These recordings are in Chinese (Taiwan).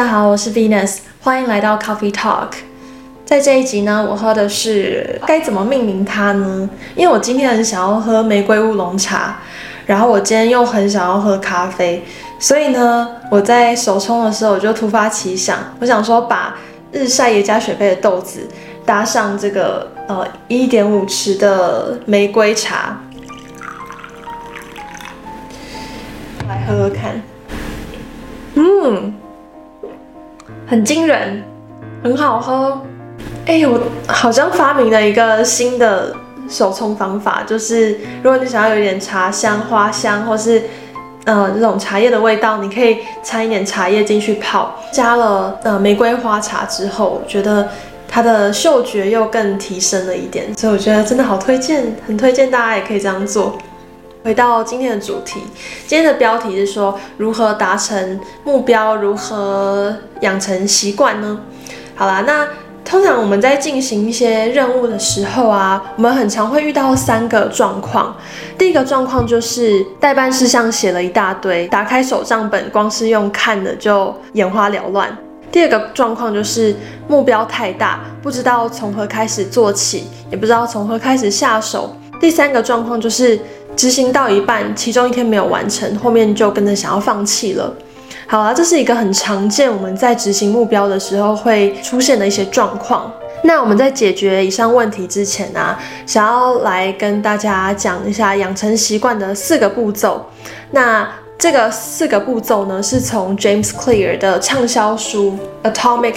大家好，我是 Venus，歡迎來到 Coffee Talk。在這一集呢，我喝的是該怎麼命名它呢？因為我今天很想要喝玫瑰烏龍茶，然後我今天又很想要喝咖啡，所以呢，我在手沖的時候我就突發奇想，我想說把日曬耶加雪菲的豆子搭上這個呃一點五匙的玫瑰茶，來喝喝看。嗯。很驚人，很好喝。哎，我好像發明了一個新的手沖方法，就是如果你想要有一點茶香、花香，或是呃這種茶葉的味道，你可以摻一點茶葉進去泡。加了呃玫瑰花茶之後，我覺得它的嗅覺又更提升了一點。所以我覺得真的好推薦，很推薦大家也可以這樣做。回到今天的主題，今天的標題是說，如何達成目標，如何養成習慣呢？好啦，那通常我們在進行一些任務的時候啊，我們很常會遇到三個狀況。第一個狀況就是待辦事項寫了一大堆，打開手賬本，光是用看的就眼花繚亂。第二個狀況就是目標太大，不知道從何開始做起，也不知道從何開始下手。第三個狀況就是，執行到一半，其中一天沒有完成，後面就跟着想要放棄了。好啦，這是一個很常見我們在執行目標的時候會出現的一些狀況。那我們在解決以上問題之前呢、啊，想要來跟大家講一下養成習慣的四個步驟。那這個四個步驟呢，是從 James Clear 的暢銷書《Atomic Habits》。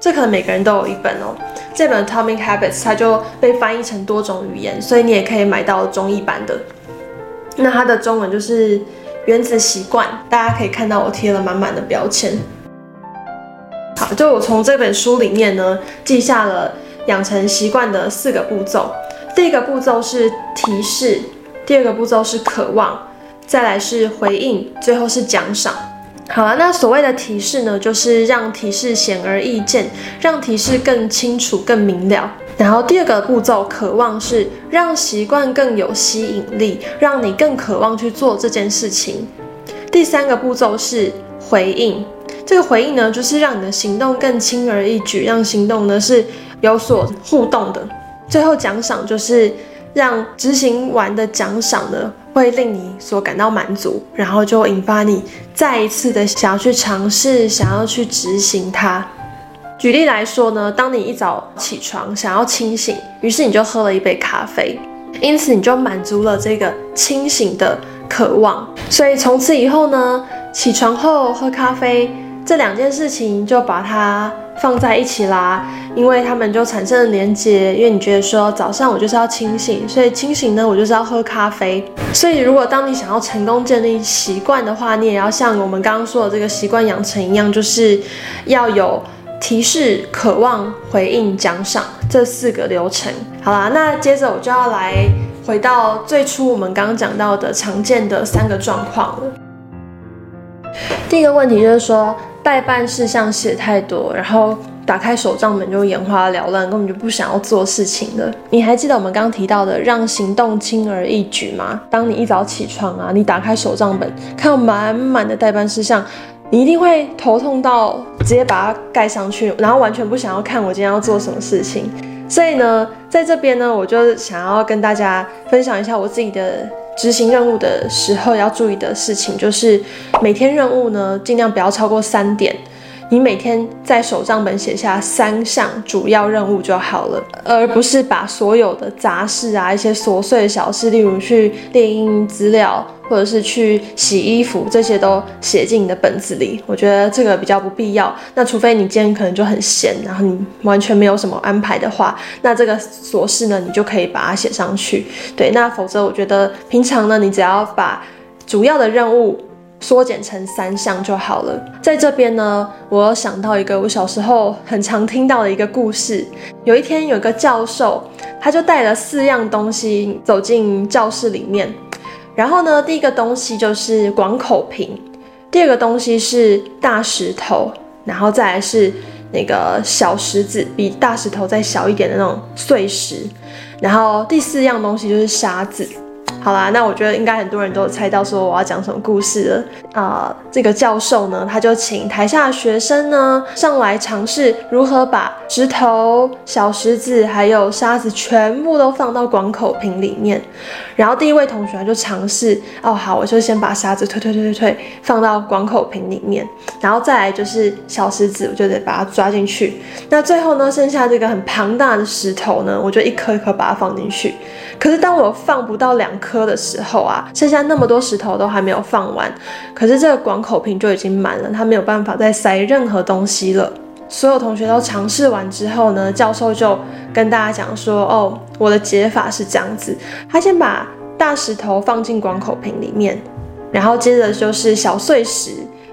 這可能每個人都有一本哦。這本《Atomic Habits》它就被翻譯成多種語言，所以你也可以買到中譯版的。那它的中文就是《原子習慣》，大家可以看到我貼了滿滿的標籤。好，就我從這本書裡面呢，記下了養成習慣的四個步驟。第一個步驟是提示，第二個步驟是渴望。再來是回應，最後是獎賞。好了，那所謂的提示呢，就是讓提示顯而易見，讓提示更清楚、更明了。然後第二個步驟，渴望是讓習慣更有吸引力，讓你更渴望去做這件事情。第三個步驟是回應，這個回應呢，就是讓你的行動更輕而易舉，讓行動呢是有所互動的。最後獎賞就是。讓執行完的獎賞呢，會令你所感到滿足，然後就引發你再一次的想要去嘗試，想要去執行它。舉例來說呢，當你一早起床，想要清醒，於是你就喝了一杯咖啡，因此你就滿足了這個清醒的渴望。所以從此以後呢，起床後喝咖啡這兩件事情就把它，放在一起啦，因為他們就產生了連接。因為你覺得說早上我就是要清醒，所以清醒呢，我就是要喝咖啡。所以如果當你想要成功建立習慣的話，你也要像我們剛剛說的這個習慣養成一樣，就是要有提示、渴望、回應、獎賞這四個流程。好啦，那接着我就要來回到最初我們剛剛講到的常見的三個狀況了。第一個問題就是說。待辦事項寫太多，然後打開手賬本就眼花繚亂，根本就不想要做事情了。你還記得我們剛剛提到的，讓行動輕而易舉嗎？當你一早起床啊，你打開手賬本，看到滿滿的待辦事項，你一定會頭痛到直接把它蓋上去，然後完全不想要看我今天要做什麼事情。所以呢，在這邊呢，我就想要跟大家分享一下我自己的。執行任務的時候要注意的事情就是，每天任務呢，盡量不要超過三點。你每天在手賬本寫下三項主要任務就好了，而不是把所有的雜事啊、一些瑣碎的小事，例如去列印資料，或者是去洗衣服這些都寫進你的本子裡。我覺得這個比較不必要。那除非你今天可能就很閒，然後你完全沒有什麼安排的話，那這個瑣事呢，你就可以把它寫上去。對，那否則我覺得平常呢，你只要把主要的任務縮減成三項就好了。在這邊呢，我有想到一個我小時候很常聽到的一個故事。有一天，有一個教授，他就帶了四樣東西走進教室裡面。然後呢，第一個東西就是廣口瓶，第二個東西是大石頭，然後再來是那個小石子，比大石頭再小一點的那種碎石。然後第四樣東西就是沙子。好啦，那我覺得應該很多人都有猜到說我要講什麼故事了啊！Uh, 這個教授呢，他就請台下的學生呢上來嘗試如何把石頭、小石子還有沙子全部都放到廣口瓶裡面。然後第一位同學就嘗試，哦好，我就先把沙子推推推推推放到廣口瓶裡面，然後再來就是小石子，我就得把它抓進去。那最後呢，剩下這個很龐大的石頭呢，我就一顆一顆把它放進去。可是當我放不到兩顆，的時候啊，剩下那麼多石頭都還沒有放完，可是這個廣口瓶就已經滿了，他沒有辦法再塞任何東西了。所有同學都嘗試完之後呢，教授就跟大家講說：“哦，我的解法是這樣子，他先把大石頭放進廣口瓶裡面，然後接着就是小碎石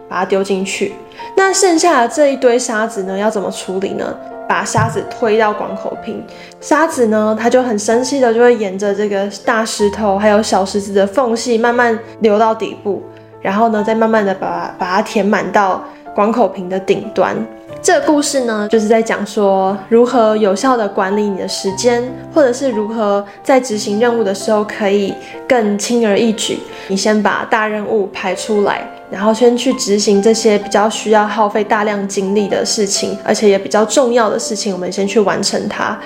把它丟進去。那剩下的這一堆沙子呢，要怎麼處理呢？”把沙子推到廣口瓶，沙子呢，它就很神奇的就會沿着這個大石頭還有小石子的縫隙慢慢流到底部，然後呢，再慢慢的把把它填滿到廣口瓶的頂端。這個故事呢，就是在講說如何有效的管理你的時間，或者是如何在執行任務的時候可以更輕而易舉。你先把大任務排出來。然後先去執行這些比較需要耗費大量精力的事情，而且也比較重要的事情，我們先去完成它。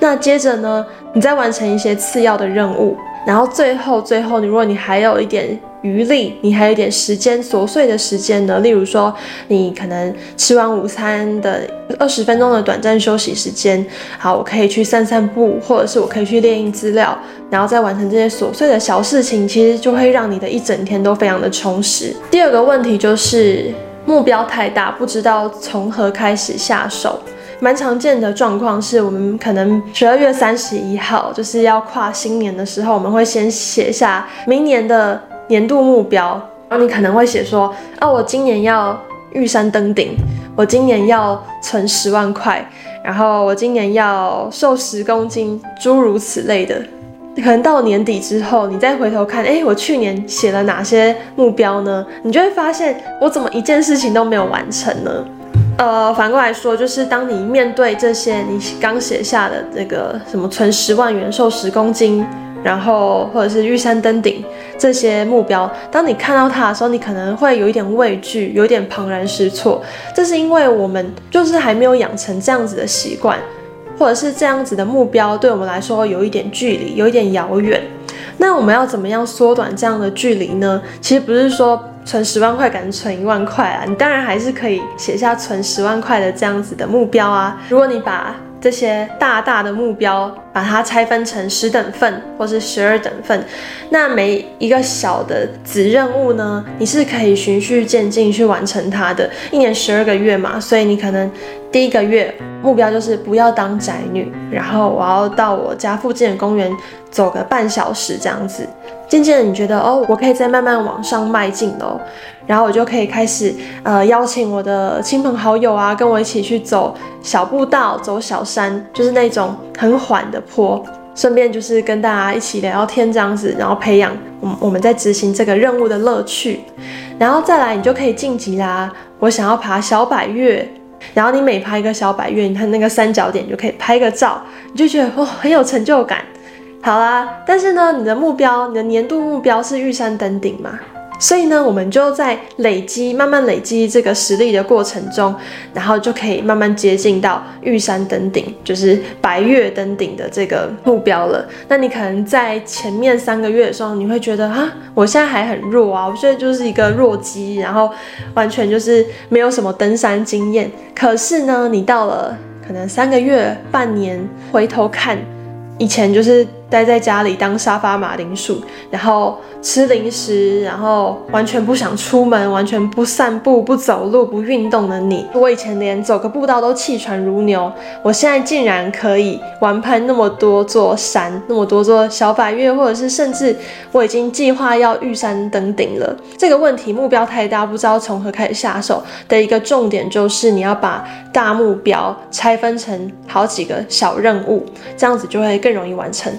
那接着呢，你再完成一些次要的任務。然後最後最後，你如果你還有一點餘力，你還有一點時間瑣碎的時間呢，例如說你可能吃完午餐的二十分鐘的短暫休息時間，好，我可以去散散步，或者是我可以去列印資料，然後再完成這些瑣碎的小事情，其實就會讓你的一整天都非常的充實。第二個問題就是目標太大，不知道從何開始下手。蠻常見的狀況是，我們可能十二月三十一號就是要跨新年的時候，我們會先寫下明年的年度目標。然後你可能會寫說，啊，我今年要玉山登頂，我今年要存十萬塊，然後我今年要瘦十公斤，諸如此類的。可能到年底之後，你再回頭看，哎，我去年寫了哪些目標呢？你就會發現，我怎麼一件事情都沒有完成呢？呃，反過來說，就是當你面對這些你剛寫下的這個什麼存十萬元、瘦十公斤，然後或者是玉山登頂這些目標，當你看到它的時候，你可能會有一點畏懼，有一點茫然失措。這是因為我們就是還沒有養成這樣子的習慣，或者是這樣子的目標對我們來說有一點距離，有一點遙遠。那我們要怎麼樣縮短這樣的距離呢？其實不是說，存十萬塊，改成存一萬塊啊？你當然還是可以寫下存十萬塊的這樣子的目標啊。如果你把這些大大的目標，把它拆分成十等份或是十二等份，那每一個小的子任務呢，你是可以循序漸進去完成它的。一年十二個月嘛，所以你可能第一個月目標就是不要當宅女，然後我要到我家附近的公園走個半小時這樣子。漸漸的你覺得哦，我可以再慢慢往上邁進哦，然後我就可以開始呃邀請我的親朋好友啊，跟我一起去走小步道，走小山，就是那種很緩的。順便就是跟大家一起聊聊天這樣子，然後培養我我們在執行這個任務的樂趣，然後再來你就可以晉級啦、啊。我想要爬小百岳，然後你每爬一個小百岳，你看那個三角點就可以拍個照，你就覺得哦，很有成就感。好啦，但是呢，你的目標，你的年度目標是玉山登頂嘛？所以呢，我們就在累積，慢慢累積這個實力的過程中，然後就可以慢慢接近到玉山登頂，就是百岳登頂的這個目標了。那你可能在前面三個月的時候，你會覺得啊，我現在還很弱啊，我現在就是一個弱雞，然後完全就是沒有什麼登山經驗。可是呢，你到了可能三個月、半年，回頭看以前就是。待在家裡當沙發馬鈴薯，然後吃零食，然後完全不想出門，完全不散步、不走路、不運動的你，我以前連走個步道都氣喘如牛，我現在竟然可以玩攀那麼多座山，那麼多座小百岳或者是甚至我已經計劃要玉山登頂了。這個問題目標太大，不知道從何開始下手的一個重點就是，你要把大目標拆分成好幾個小任務，這樣子就會更容易完成。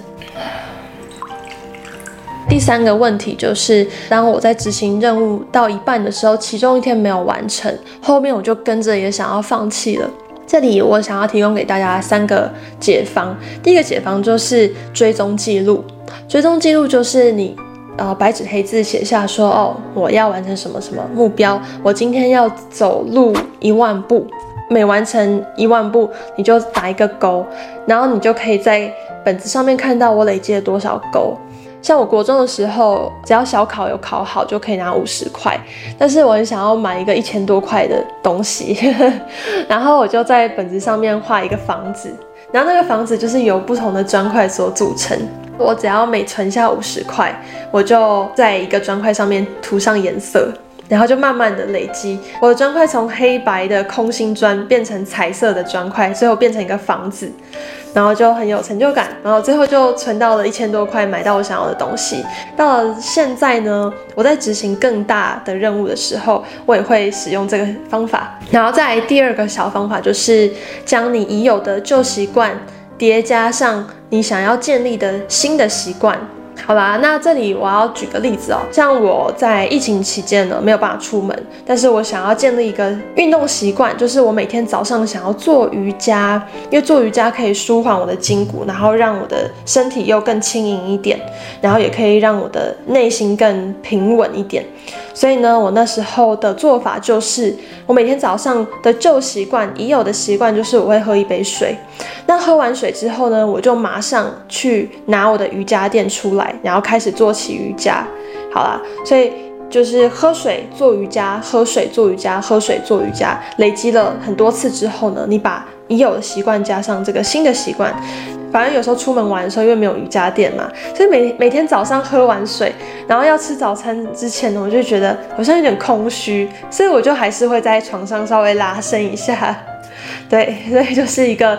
第三個問題就是，當我在執行任務到一半的時候，其中一天沒有完成，後面我就跟着也想要放棄了。這裡我想要提供給大家三個解方。第一個解方就是追蹤記錄，追蹤記錄就是你呃白紙黑字寫下說哦，我要完成什麼什麼目標，我今天要走路一萬步。每完成一萬步，你就打一個勾，然後你就可以在本子上面看到我累積了多少勾。像我國中的時候，只要小考有考好，就可以拿五十塊。但是我很想要買一個一千多塊的東西， 然後我就在本子上面畫一個房子，然後那個房子就是由不同的磚塊所組成。我只要每存下五十塊，我就在一個磚塊上面塗上顏色。然後就慢慢的累積，我的磚塊從黑白的空心磚變成彩色的磚塊，最後變成一個房子，然後就很有成就感。然後最後就存到了一千多塊，買到我想要的東西。到了現在呢，我在執行更大的任務的時候，我也會使用這個方法。然後再來第二個小方法就是，將你已有的舊習慣疊加上你想要建立的新的習慣。好啦，那這裡我要舉個例子哦，像我在疫情期間呢，沒有辦法出門，但是我想要建立一個運動習慣，就是我每天早上想要做瑜伽，因為做瑜伽可以舒緩我的筋骨，然後讓我的身體又更輕盈一點，然後也可以讓我的內心更平穩一點。所以呢，我那時候的做法就是，我每天早上的舊習慣、已有的習慣就是我會喝一杯水，那喝完水之後呢，我就馬上去拿我的瑜伽墊出來。然後開始做起瑜伽，好啦，所以就是喝水做瑜伽，喝水做瑜伽，喝水做瑜伽，累積了很多次之後呢，你把已有的習慣加上這個新的習慣，反正有時候出門玩的時候，因為沒有瑜伽墊嘛，所以每每天早上喝完水，然後要吃早餐之前呢，我就覺得好像有點空虛，所以我就還是會在床上稍微拉伸一下，對，所以就是一個。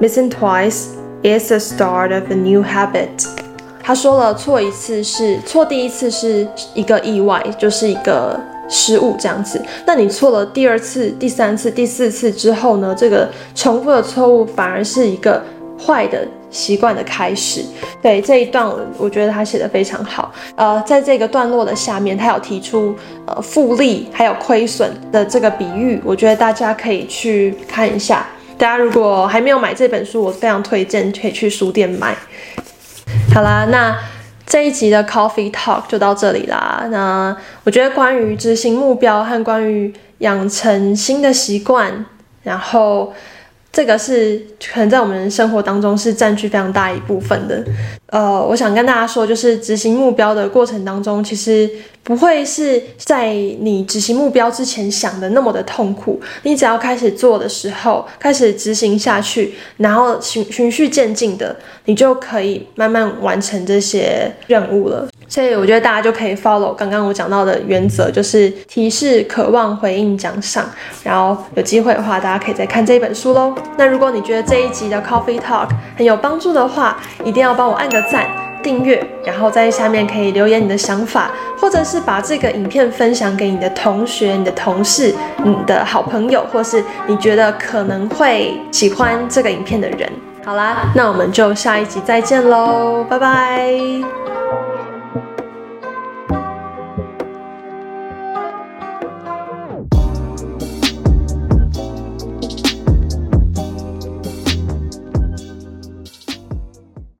Missing twice is the start of a new habit。他說了，錯一次是錯第一次是一個意外，就是一個失誤這樣子。那你錯了第二次、第三次、第四次之後呢？這個重複的錯誤反而是一個壞的習慣的開始。對，這一段，我覺得他寫的非常好。呃，在這個段落的下面，他有提出呃複利還有虧損的這個比喻，我覺得大家可以去看一下。大家如果還沒有買這本書，我非常推薦可以去書店買。好啦，那這一集的 Coffee Talk 就到這裡啦。那我覺得關於執行目標和關於養成新的習慣，然後……這個是可能在我們生活當中是佔據非常大一部分的。呃，我想跟大家說，就是執行目標的過程當中，其實不會是在你執行目標之前想的那麼的痛苦，你只要開始做的時候，開始執行下去，然後循循序漸進的，你就可以慢慢完成這些任務了。所以我覺得大家就可以 follow 剛剛我講到的原則，就是提示、渴望、回應、獎賞。然後有機會的話，大家可以再看這本書嘍。那如果你覺得這一集的 Coffee Talk 很有幫助的話，一定要幫我按個讚、訂閱，然後在下面可以留言你的想法，或者是把這個影片分享給你的同學、你的同事、你的好朋友，或是你覺得可能會喜歡這個影片的人。好啦，那我們就下一集再見嘍，拜拜。